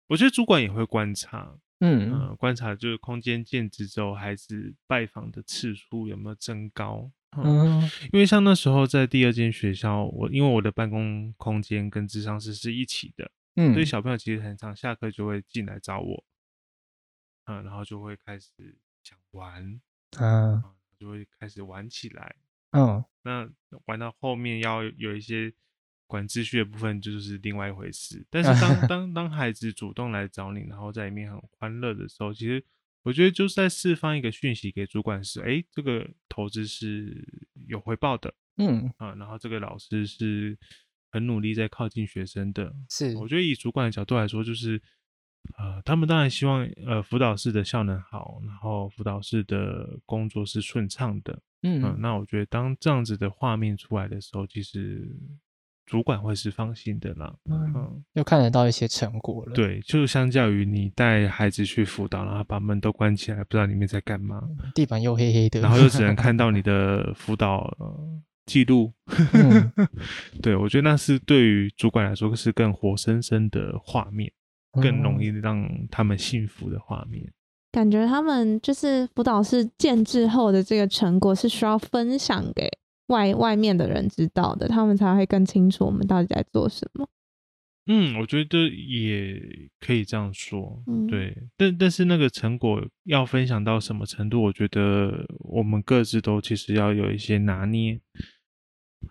我覺得主管也會觀察，嗯、呃，觀察就是空間建置之後，孩子拜訪的次數有沒有增高。嗯，嗯因為像那時候在第二間學校，我因為我的辦公空間跟諮商室是一起的，嗯，所以小朋友其實很常下課就會進來找我，嗯，然後就會開始。玩，啊、uh, 嗯，就會開始玩起來，嗯，oh. 那玩到後面要有一些管秩序的部分，就是另外一回事。但是當 當當孩子主動來找你，然後在裡面很歡樂的時候，其實我覺得就是在釋放一個訊息給主管是：哎，這個投資是有回報的，嗯啊、嗯，然後這個老師是很努力在靠近學生的。是，我覺得以主管的角度來說，就是。啊、呃，他們當然希望呃輔導室的效能好，然後輔導室的工作是順暢的。嗯，嗯，那我覺得當這樣子的畫面出來的時候，其實主管會是放心的啦。嗯，嗯又看得到一些成果了。對，就是相較於你帶孩子去輔導，然後把門都關起來，不知道裡面在幹嘛，地板又黑黑的，然後又只能看到你的輔導、 呃、記錄。 嗯、對，我覺得那是對於主管來說是更活生生的畫面。更容易讓他們幸福的畫面、嗯，感覺他們就是輔導室建置後的這個成果是需要分享給外外面的人知道的，他們才會更清楚我們到底在做什麼？嗯，我覺得也可以這樣說，嗯、對。但但是那個成果要分享到什麼程度，我覺得我們各自都其實要有一些拿捏。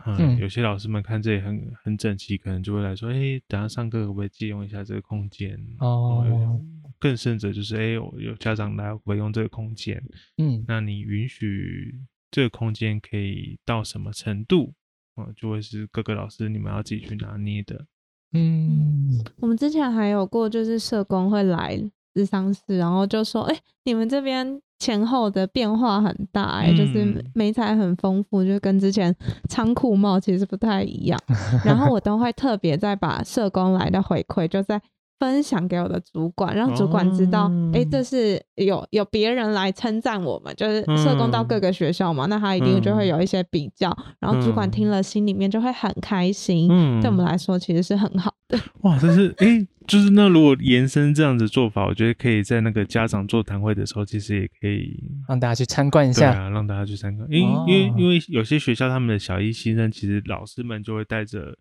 嗯，嗯有些老師們看這裡很很整齊，可能就會來說，哎、欸，等下上課可不可以借用一下這個空間？哦、嗯，更甚者就是，哎、欸，我有家長來，我可不可以用這個空間，嗯，那你允許這個空間可以到什麼程度？啊、嗯，就會是各個老師你們要自己去拿捏的。嗯，我們之前還有過，就是社工會來諮商室，然後就說，哎、欸，你們這邊。前後的變化很大哎，就是媒材很豐富，就跟之前倉庫貌其實不太一樣。然後我都會特別再把社工來的回饋，就在分享給我的主管，讓主管知道，哎、嗯欸，這是有有別人來稱讚我們。就是社工到各個學校嘛，嗯、那他一定就會有一些比較。嗯、然後主管聽了，心裡面就會很開心。嗯，嗯對我們來說其實是很好的。哇，這是哎。欸就是那，如果延伸這樣子的做法，我覺得可以在那個家長座談會的時候，其實也可以讓大家去參觀一下，對啊，讓大家去參觀。因為、哦、因為因為有些學校他們的小一新生，其實老師們就會帶着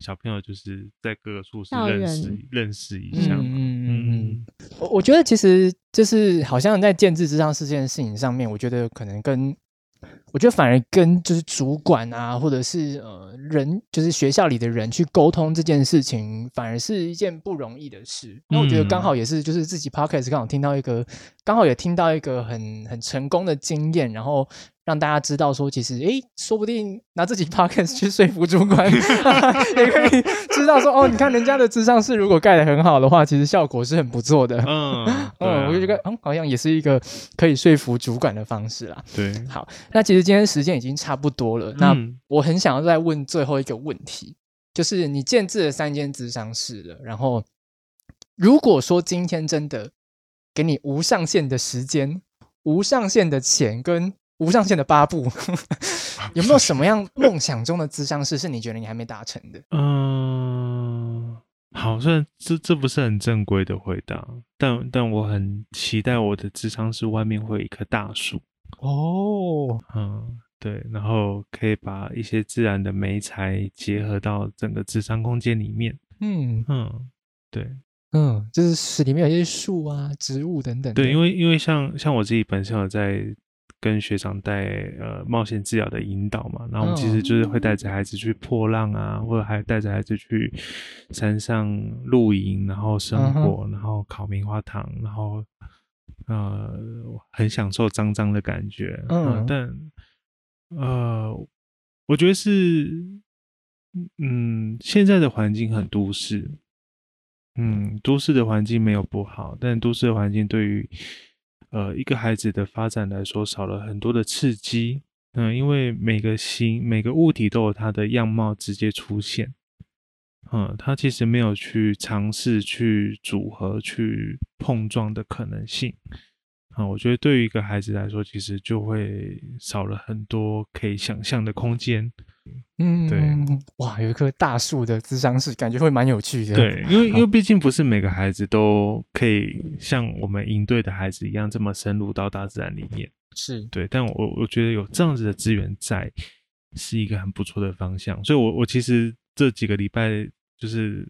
小朋友，就是在各個處室認識遠認識一下嘛嗯。嗯嗯嗯，我我覺得其實就是好像在建置之上是這件事情上面，我覺得可能跟。我覺得反而跟就是主管啊，或者是呃人，就是學校裡的人去溝通這件事情，反而是一件不容易的事。那我覺得剛好也是，就是自己 podcast 剛好聽到一個。剛好也聽到一個很很成功的經驗，然後讓大家知道說，其實誒、欸，說不定拿自己 Podcast 去說服主管， 也可以知道說，哦，你看人家的諮商室如果蓋得很好的話，其實效果是很不錯的。嗯嗯， 嗯啊、我就覺得嗯，好像也是一個可以說服主管的方式啦。對，好，那其實今天時間已經差不多了，嗯、那我很想要再問最後一個問題，就是你建置了三間諮商室了，然後如果說今天真的，給你無上限的時間、無上限的錢跟無上限的巴布，呵呵，有沒有什麼樣夢想中的諮商室是你覺得你還沒達成的？嗯，好，雖然這這不是很正規的回答，但但我很期待我的諮商室外面會有一棵大樹。哦，嗯，對，然後可以把一些自然的媒材結合到整個諮商空間裡面。嗯嗯，對。嗯，就是是裡面有一些樹啊、植物等等。對，因為因為像像我自己本身有在跟學長帶呃冒險治療的引導嘛，然後我們其實就是會帶着孩子去破浪啊，嗯、或者還帶着孩子去山上露營，然後生火，嗯、哼然後烤棉花糖，然後呃很享受髒髒的感覺。嗯，嗯，但呃我覺得是嗯現在的環境很都市。嗯，都市的環境沒有不好，但都市的環境對於呃一個孩子的發展來說，少了很多的刺激。嗯、呃，因為每個形、每個物體都有它的樣貌直接出現，嗯、呃，它其實沒有去嘗試去組合、去碰撞的可能性。啊、呃，我覺得對於一個孩子來說，其實就會少了很多可以想象的空間。嗯，對，哇，有一棵大樹的諮商室，感覺會蠻有趣的。對，因為因為畢竟不是每個孩子都可以像我們營隊的孩子一樣這麼深入到大自然裡面，是對。但我我覺得有這樣子的資源在，是一個很不錯的方向。所以我，我我其實這幾個禮拜就是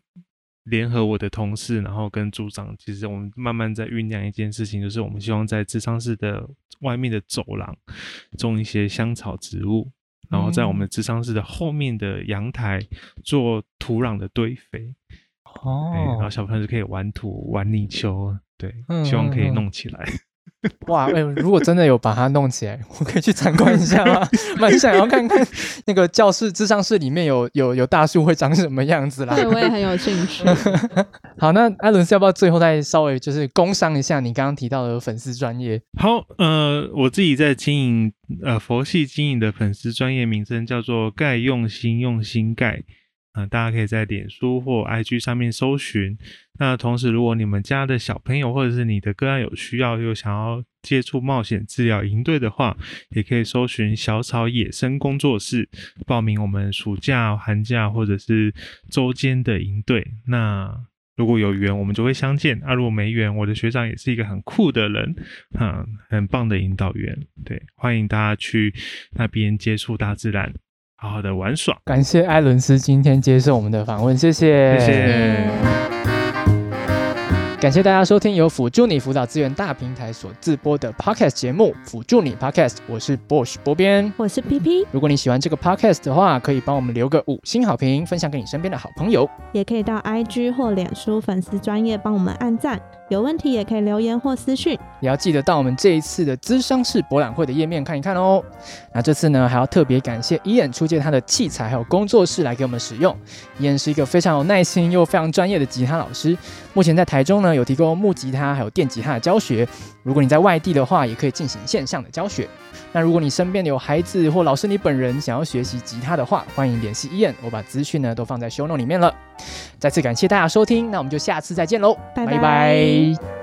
聯合我的同事，然後跟組長，其實我們慢慢在醞釀一件事情，就是我們希望在諮商室的外面的走廊種一些香草植物。然後在我們的諮商室的後面的陽台做土壤的堆肥哦、欸，然後小朋友是可以玩土玩泥鰍，對，嗯嗯嗯，希望可以弄起來。哇、欸，如果真的有把它弄起來，我可以去參觀一下嗎？蠻想要看看那個教室、諮商室裡面有有有大樹會長什麼樣子啦。對，我也很有興趣。 好，那 Errance 要不要最後再稍微就是工商一下你剛剛提到的粉絲專頁？好，呃，我自己在經營，呃，佛系經營的粉絲專頁名稱叫做“蓋用心用心蓋”。啊、呃，大家可以在臉書或 IG 上面搜尋。那同時，如果你們家的小朋友或者是你的個案有需要，又想要接觸冒險治療營隊的話，也可以搜尋小草野生工作室，報名我們暑假、寒假或者是周間的營隊。那如果有緣，我們就會相見；那、啊、如果沒緣，我的學長也是一個很酷的人，哈，很棒的引導員。對，歡迎大家去那邊接觸大自然。好好的玩耍。感謝 Errance 今天接受我們的訪問，謝謝。謝謝感謝大家收聽由輔住你輔導資源大平台所自播的 Podcast 節目《輔住你 Podcast》，我是 Bosch 波編，我是 P P。如果你喜歡這個 Podcast 的話，可以幫我們留個五星好評，分享給你身邊的好朋友，也可以到 IG 或臉書粉絲專頁幫我們按讚。有問題也可以留言或私訊。也要記得到我們這一次的諮商室博覽會的頁面看一看哦。那這次呢，還要特別感謝 Ian 出借他的器材還有工作室來給我們使用。Ian 是一個非常有耐心又非常專業的吉他老師，目前在台中呢。有提供木吉他還有電吉他的教學，如果你在外地的話，也可以進行線上的教學。那如果你身邊有孩子或老師，你本人想要學習吉他的話，歡迎聯繫 Ian，我把資訊呢都放在 ShowNote 裡面了。再次感謝大家收聽，那我們就下次再見嘍，拜拜。拜拜。